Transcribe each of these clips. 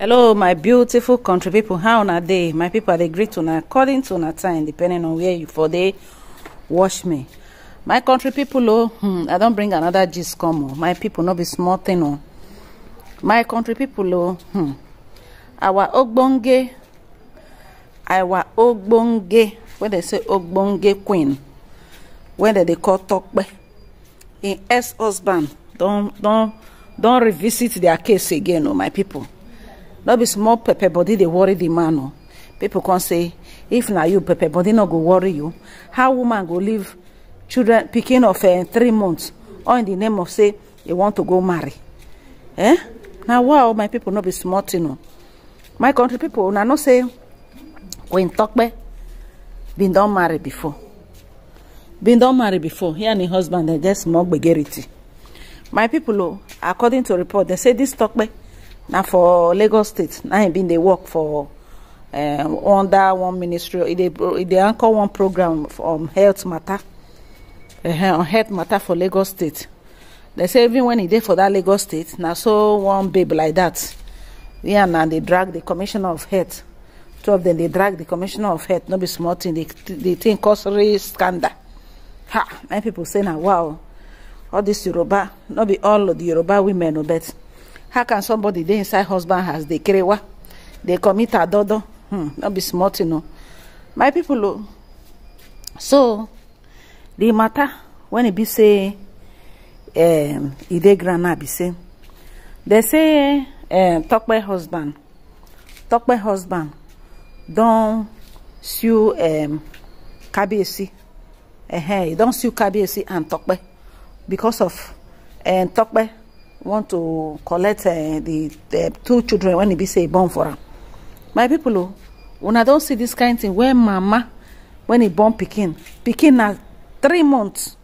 hello my beautiful country people. how na day? my people, i dey greet una according to na time depending on where you for They wash me my country people, oh hmm i don't bring another gist come oh my people, not be small thing, oh my country people, oh hmm our ogbonge our ogbonge When they say ogbonge queen wey dem dey call tope im ex husband don't revisit their case again oh my people no be small pepper body dey worry the man o oh. people come say if na you pepper body no go worry you how woman go leave children pikin of uh, three months all in the name of say you want to go marry eh na all my people no be small thing o oh. my country people una know say queen tokpe bin don marry before bin don marry before he and him husband dem get small gbegerity my people o oh, according to report dem say dis tokpe Now for lagos state now im they work for um, under one ministry They they anchor one program from um, health matter uh-huh, on health matter for lagos state They say even when he did for that lagos state now so one babe like that, yeah and they drag the commissioner of health two of them they drag the commissioner of health no be small tin they tin cause scandal ha many people say now, wow all this yoruba no be all the yoruba women no bet how can somebody dey inside husband house dey kerewa dey commit adodo hmm no be smart, you know. my people o so the matter when e be say um, e dey ground be say they say um, by husband talk by husband don't sue um, Kabiyesi uh -huh, he sue Kabiyesi and talk by because of and um, by want to collect uh, the, the two children when e be say born for her, my people Oh, when I don't see this kind thing when mama when he born pikin pikin now, three months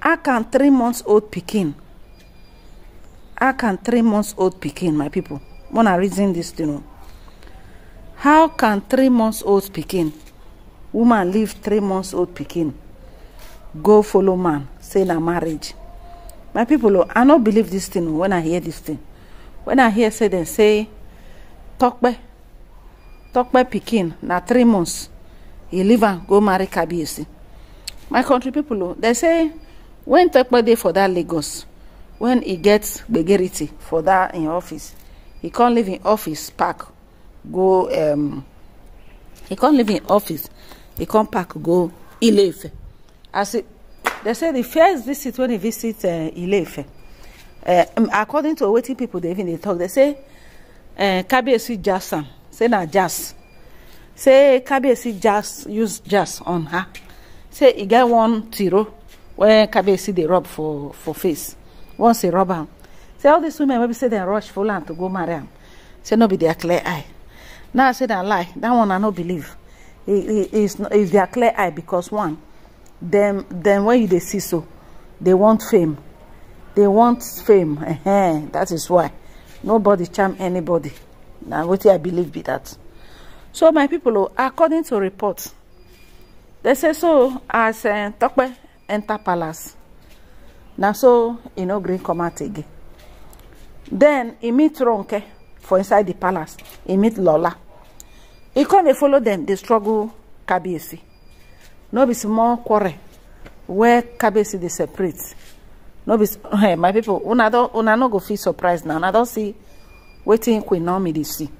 how can three months old pikin how can three months old pikin my people When I reason this you oh. know. how can three months old pikin woman leave three months old pikin go follow man say na marriage my people o oh, i no believe this thing oh, when i hear this thing when i hear say dem say tokpe tokpe pikin na three months he leave and go marry kabiyesi my country people o oh, dem say wen tokpe dey for that lagos when he get gbegerity for that in office he come leave im office park go um, he come leave im office he come park go ile ife as e They say the first visit when he visits uh, Ilefe, uh, um, according to waiting people, they even they talk, they say, uh, Kabiyesi jazz say na jazz. Say Kabiyesi jazz use jazz on her. Say he get one tiro wey Kabiyesi rub for for face. Once say rub say all these women maybe say they rush for land to go marry him. Say no be their clear eye. Now I say na lie. That one I no believe. It is it, it's, it's their clear eye because one. dem dem wey you dey see so dey want fame dey want fame uh -huh. that is why nobody charm anybody na wetin i believe be that so my people according to report they say so as uh, tope enter palace na so e no gree come out again then e meet ronke for inside the palace e meet lola e come dey follow dem dey struggle kabiyesi no be small quarrel where cabbage dey separate no be hey, eh, my people una don una no go feel surprised now una don see wetin queen naomi dey see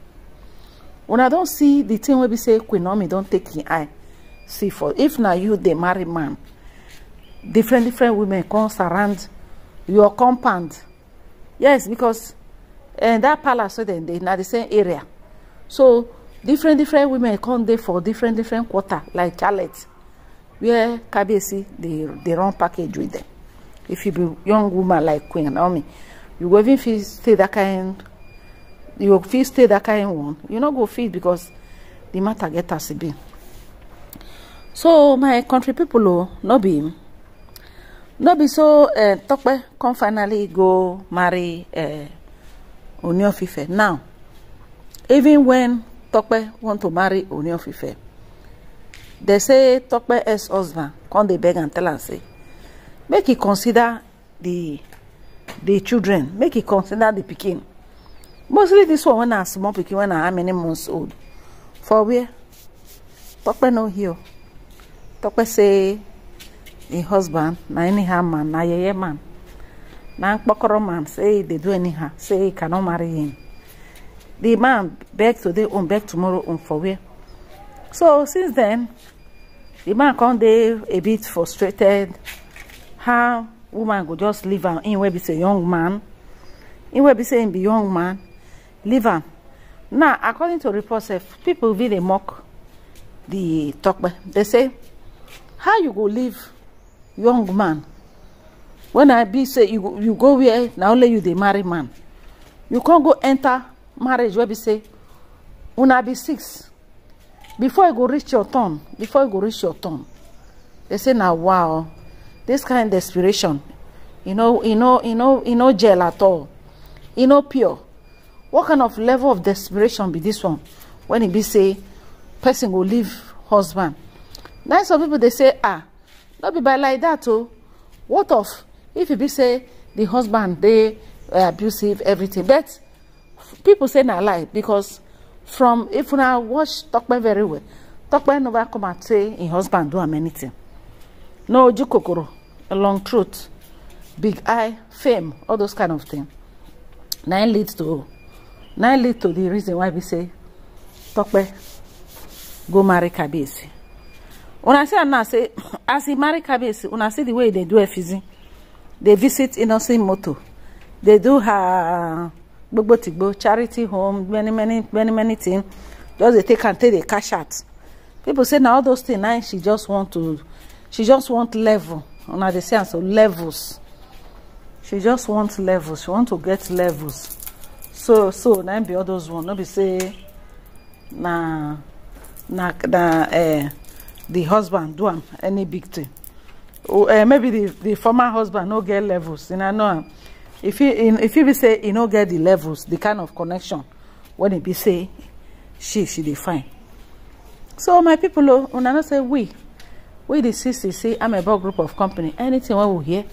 una don see the thing wey be say queen naomi don take im eye see for if na you dey marry man different different women come surround your compound yes because uh, that palace wey dem dey na the same area so different different women come dey for different different quarter like charlotte where KBC dey dey run package with them if you be young woman like queen naomi you go even fit stay that kind you go fit stay that kind one you not go fit because the matter get as e be so my country people o no be no be so uh, eh, tope come finally go marry uh, eh, oni now even when tope want to marry oni They say tope s husband come they beg and tell and say make he consider the the children make he consider the picking. mostly this one when na small picking when na how many months old for where tope no hear tope say im husband na anyhow man na ye ye man na nkpokoro man say they dey do anyhow say he cannot marry him the man beg today own beg tomorrow own for where so since then the man come dey a bit frustrated how woman go just leave am in where be say young man In where be say him be young man leave am now according to reports, people pipo bin mock the talk. They say how you go leave young man when i be say you you go where now only you the marry man you can't go enter marriage where be say una be six before e go reach your turn before e go reach your turn they say now wow this kind desperation you know, you know, you know, you know gel at all you know pure what kind of level of desperation be this one when it be say person will leave husband Now some people they say ah not be by like that oh. what of if it be say the husband they uh, abusive everything but people say na lie because from if una watch Tope very well no never come and say him husband do am anything no ojú a long throat big eye fame all those kind of thing na im e lead to na im e lead to the reason why be say Tope go marry Kabiyesi una see am now say as he marry Kabiyesi una see the way he dey do Effizi dey visit Innocent motor dey do her. Uh, gbogbo tigbo charity home many many many many things just dey take am take dey cash out people say na all those things na she just want to she just want level una dey say am so levels she just want levels she want to get levels so so na be all those one no be say na na na uh, the husband do am any big thing oh, uh, maybe the the former husband no get levels una know am e fit if you be say you no get the levels the kind of connection when it be say she she dey find so my people when oh, I know say we we the sixty say amebo group of company anything wey we hear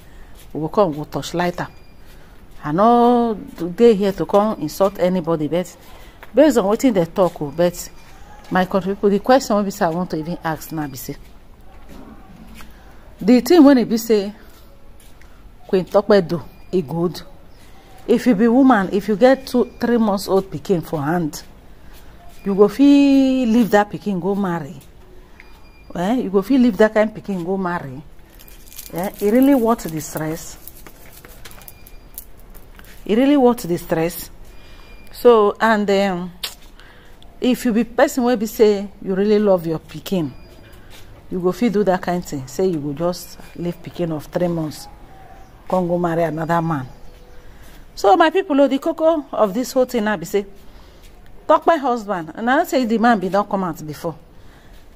we go come we touch lighter. i know dey here to come insult anybody but based on wetin dem talk oh, but my country people the question wey be say i want to even ask now be say the thing when it be say Queen Tope do e good if you be woman if you get two three months old picking for hand you go feel leave that picking go marry eh you go feel leave that kind picking go marry Yeah, it really worth the stress It really worth the stress so and um, if you be person where be say you really love your picking, you go feel do that kind thing say you go just leave picking of three months come go marry another man so my people oh the cocoa of this whole thing now be say talk my husband and i know say the man be don come out before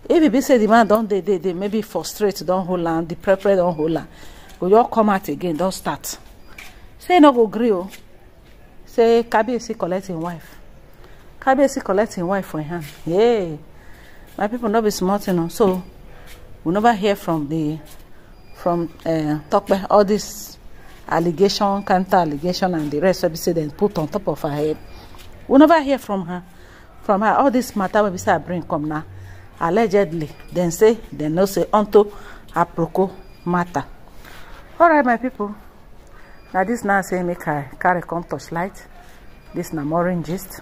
if e be say the man don't, they they they maybe frustrate don't hold on, the prepare don't hold on. go all come out again don't start say no go gree o oh. say kabiyesi collect im wife kabiyesi collect im wife for him. Yeah, my people no be smart, you know. so we never hear from the from uh, eh, by all this allegation counter allegation and the rest of the say put on top of her head we never hear from her from her all this matter will be said. bring come now, allegedly Then say dem no say unto aproko matter All right, my people Now this now say make i carry come torchlight this now morning gist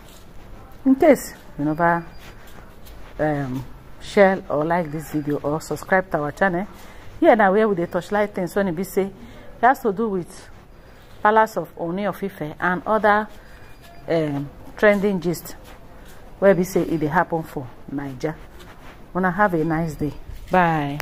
in case you never um, share or like this video or subscribe to our channel here na where we dey torchlight things when e be say It has to do with Palace of Oni of Ife and other um, trending gist where we say it happen for Niger. Wanna have a nice day. Bye.